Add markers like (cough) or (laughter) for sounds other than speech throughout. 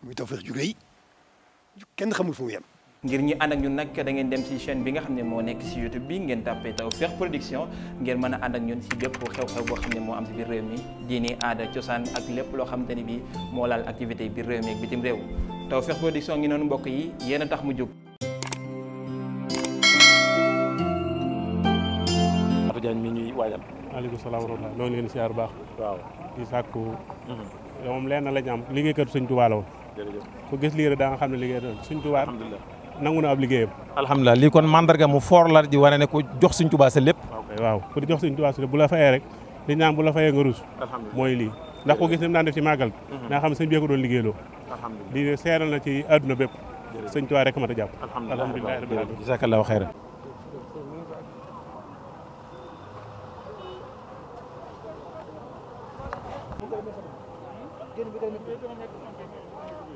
muy Tawfekh ju rëy kenn xamul fu mu ngir ñi ànd ak ñun nag da ngeen dem ci chaîne bi nga xam ne moo nekk ci YouTube bii ngeen tàppee Tawfekh Production ngeen mën a ànd ak ñun ci bépp xew-xew boo xam ne moo am ci biir réew mi diini aada cosaan ak lépp loo xamante ni bi moo laal activité biir réew mi ak bitim réew Tawfekh Production ngi noonu mbokk yi yéen a tax mu jóg. Fatou Diagne mi ñuy waajal. maaleykum salaam wa rahmatulah. loolu ngeen siyaar baax. waaw di sàkku. Mm-hmm. moom lenn lañ am liggéeykatu ku gis lii rek daa nga xam ne liggéey doon suñ tubaa nangu na ab liggéeyam alhamdulilah lii kon mandarga mu foor la di wane ne ku jox suñ tubaa sa lépp waaw ku di jox suñ tubaa sa lépp bu la fayee rek li ñaan bu la fayee nga ruus mooy lii ndax ko gis ne mu daan def ci màggal bi mhm. xam ne sëñ bi ko doon lii seeral na ci àdduna bépp sëñ tubaa rek mat a jàpp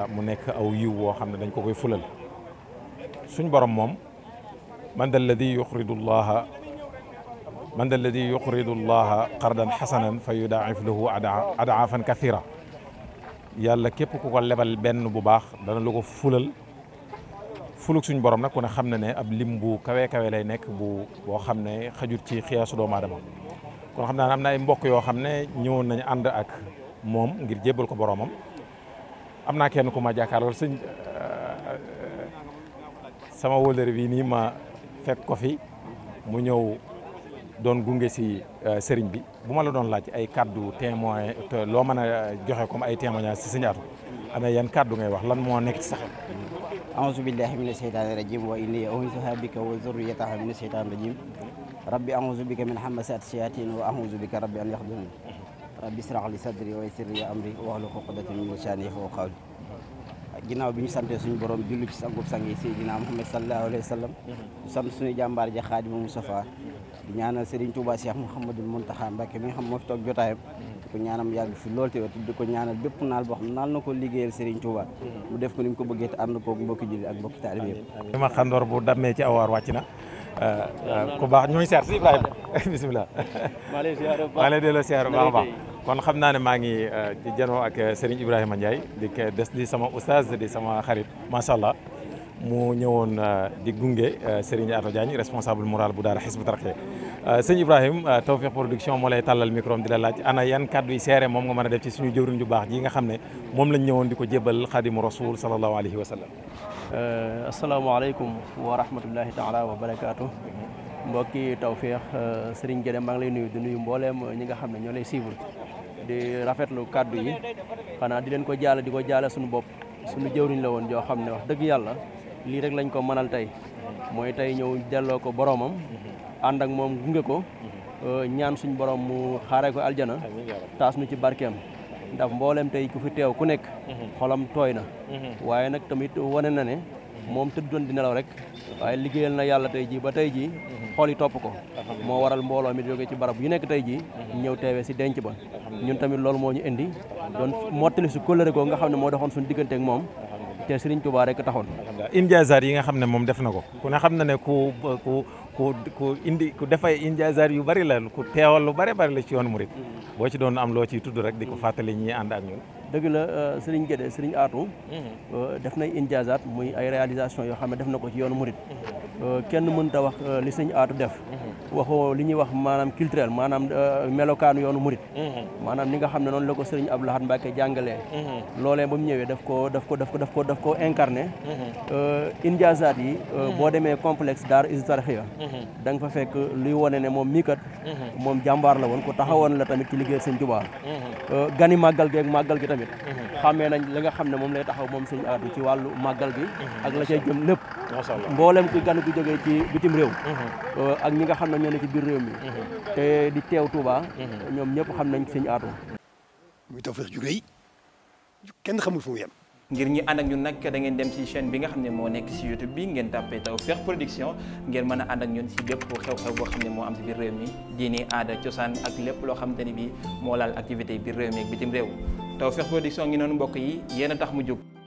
Ah, mu nekk aw yiw woo xam ne dañ ko koy fulal suñ borom moom man dalladi yuqridu llaha man dalladi yuqridu llaha qardan xasanan fa yudaa'if lahu adaafan kathira yàlla képp ku ko lebal benn bu baax dana lu ko fulal fuluk suñ borom nag kon xam ne ne ab lim bu kawe lay nekk bu boo xam ne xajut ci xiyaasu doomu aadama kon xam naa am na ay mbokk yoo xam ne ñëwoon nañu ànd ak moom ngir jébbal ko boromam am naa kenn ku ma jàkkaarlool sëñ euh, sama wóllëre bi nii ma fekk ko fi mu ñëw doon gunge si euh, sëriñ bi bu ma la doon laaj ay kàddu témoin loo man a joxe comme ay témoignage si sëñ Atou ana yan kàddu ngay wax lan moo nekk ci sax aouzu billahi mina sheytaani rajim wa inni u'iizuha bika wa zurriyataha mina sheytaani rajim rabbi aouzu bika min hamasati shayatin wa aouzu bika rabbi an yahdurun rabbi israh li sadri wa yassir li amri wahlul uqdatan min lisani yafqahu qawli bi ñu sante suñu borom jullu ci sangub sang yi Seydina Muhammad sallallahu alayhi wa sallam ñu sant suñu jàmbaar ja Xaadimu Mustafaa di ñaanal Serigne Touba Cheikh Mouhamadul Mountakha Mbacké mi nga xam moo fi toog di ko ñaanal bépp naal boo na ko liggéeyal Serigne Touba mu def ko ni mu ko bëggee te ànd ko mbokki julli ak mbokki taalib yëpp ma xandoor bu dammee ci awaar wàcc na euh, euh, ku (laughs) baax a baax kon xam naa ne maa ngi euh, janoo ak euh, Serigne Ibrahima Ndiaye di des di sama oustaz di sama xarit macha allah mu ñëwoon euh, di gunge Serigne Ato Diagne responsable moral bu daara Hizbut Tarqiyyah sëñ Ibrahima Tawfekh Production moo lay tàllal micro am di la laaj ana yan kàddu yi seere moom nga mën a suñu jëwriñ ju baax ji nga xam ne moom lañ ñëwoon di ko jébal xadimu rasul sallallahu alayhi wa sallam. asalaamaaleykum wa rahmatullahi taala wa barakaatu. mbokki Tawfekh Serigne Guédé maa ngi lay nuyu di nuyu mbooleem ñi nga xam ne ñoo lay suivre. di rafetlu kàddu yi xanaa di leen ko jaale di ko jaale suñu bopp suñu jëwriñ la woon joo xam ne wax dëgg yàlla lii rek lañ ko manal tey mooy tey ñëw delloo ko boroomam ànd ak moom gunge ko euh, ñaan suñu boroom mu xaara ko aljana taas nu ci barkeem ndax mboolem tey ku fi teew ku nekk mhm. xolam tooy na mhm. waaye nag tamit wane na ne moom tëddoon di nelaw rek waaye liggéeyal na yàlla tey jii ba tey jii xool yi topp ko moo waral mbooloo mi jóge ci barab yu nekk tey jii ñëw teewee si denc ba ñun tamit loolu moo ñu indi doon mottali su kóllëre ko nga xam ne moo doxoon suñu digganteek moom te Serigne Touba rek taxoon injaazaar yi nga xam ne moom def na ko ku ne xam na ne ku ku ku ku indi ku defay injaazaar yu bari la ku teewal lu bari bari la ci yoon murit boo ci doon am loo ci tudd rek di ko fàttali ñi ànd dëgg la euh, sëriñ Gédé sëriñ Aatu mhm. euh, def nay injaazaat muy ay réalisation yoo xam ne def na ko ci yoonu murit mhm. euh, kenn ta wax li sëriñ Aatu def mhm. waxoo li ñuy wax maanaam culturel maanaam euh, melokaanu yoonu murit mm-hmm. maanaam ni nga xam ne noonu la ko sëriñ Abdou Lahad Mbacké jàngalee mm-hmm. loolee ba mu ñëwee daf ko daf ko daf ko daf ko daf ko incarné mm-hmm. euh, indiasaat yi euh, boo demee complexe daar istarxiya da nga fa fekk luy wone ne moom mii moom jàmbaar la woon ku taxawoon la tamit ci liggéey sëñ Tuubaa gani màggal gi ak màggal gi tamit xamee nañ li nga xam ne moom lay taxaw moom sëñ aatu ci wàllu màggal gi ak la cay jëm lépp mboolem ku gan ku jógee ci bitim réew ak ñi nga ñoo ne ci biir réew mi. Mhm. te di teew Touba. Mhm. ñoom ñëpp xam nañ sëñ Atou. muy Tawfekh ju kenn xamul fu mu yem. ngir ñi ànd ñun nag dangeen dem ci chaine bi nga xam ne moo nekk ci YouTube bii ngeen tàppee Tawfekh Production ngeen mën a ànd ak ñun ci bépp xew-xew boo xam ne moo am ci biir réew mi diini aada cosaan ak lépp loo xamante ni bi moo laal activité biir réew mi bitim réew Tawfekh Production ngi noonu mbokk yi yéen tax mu jóg.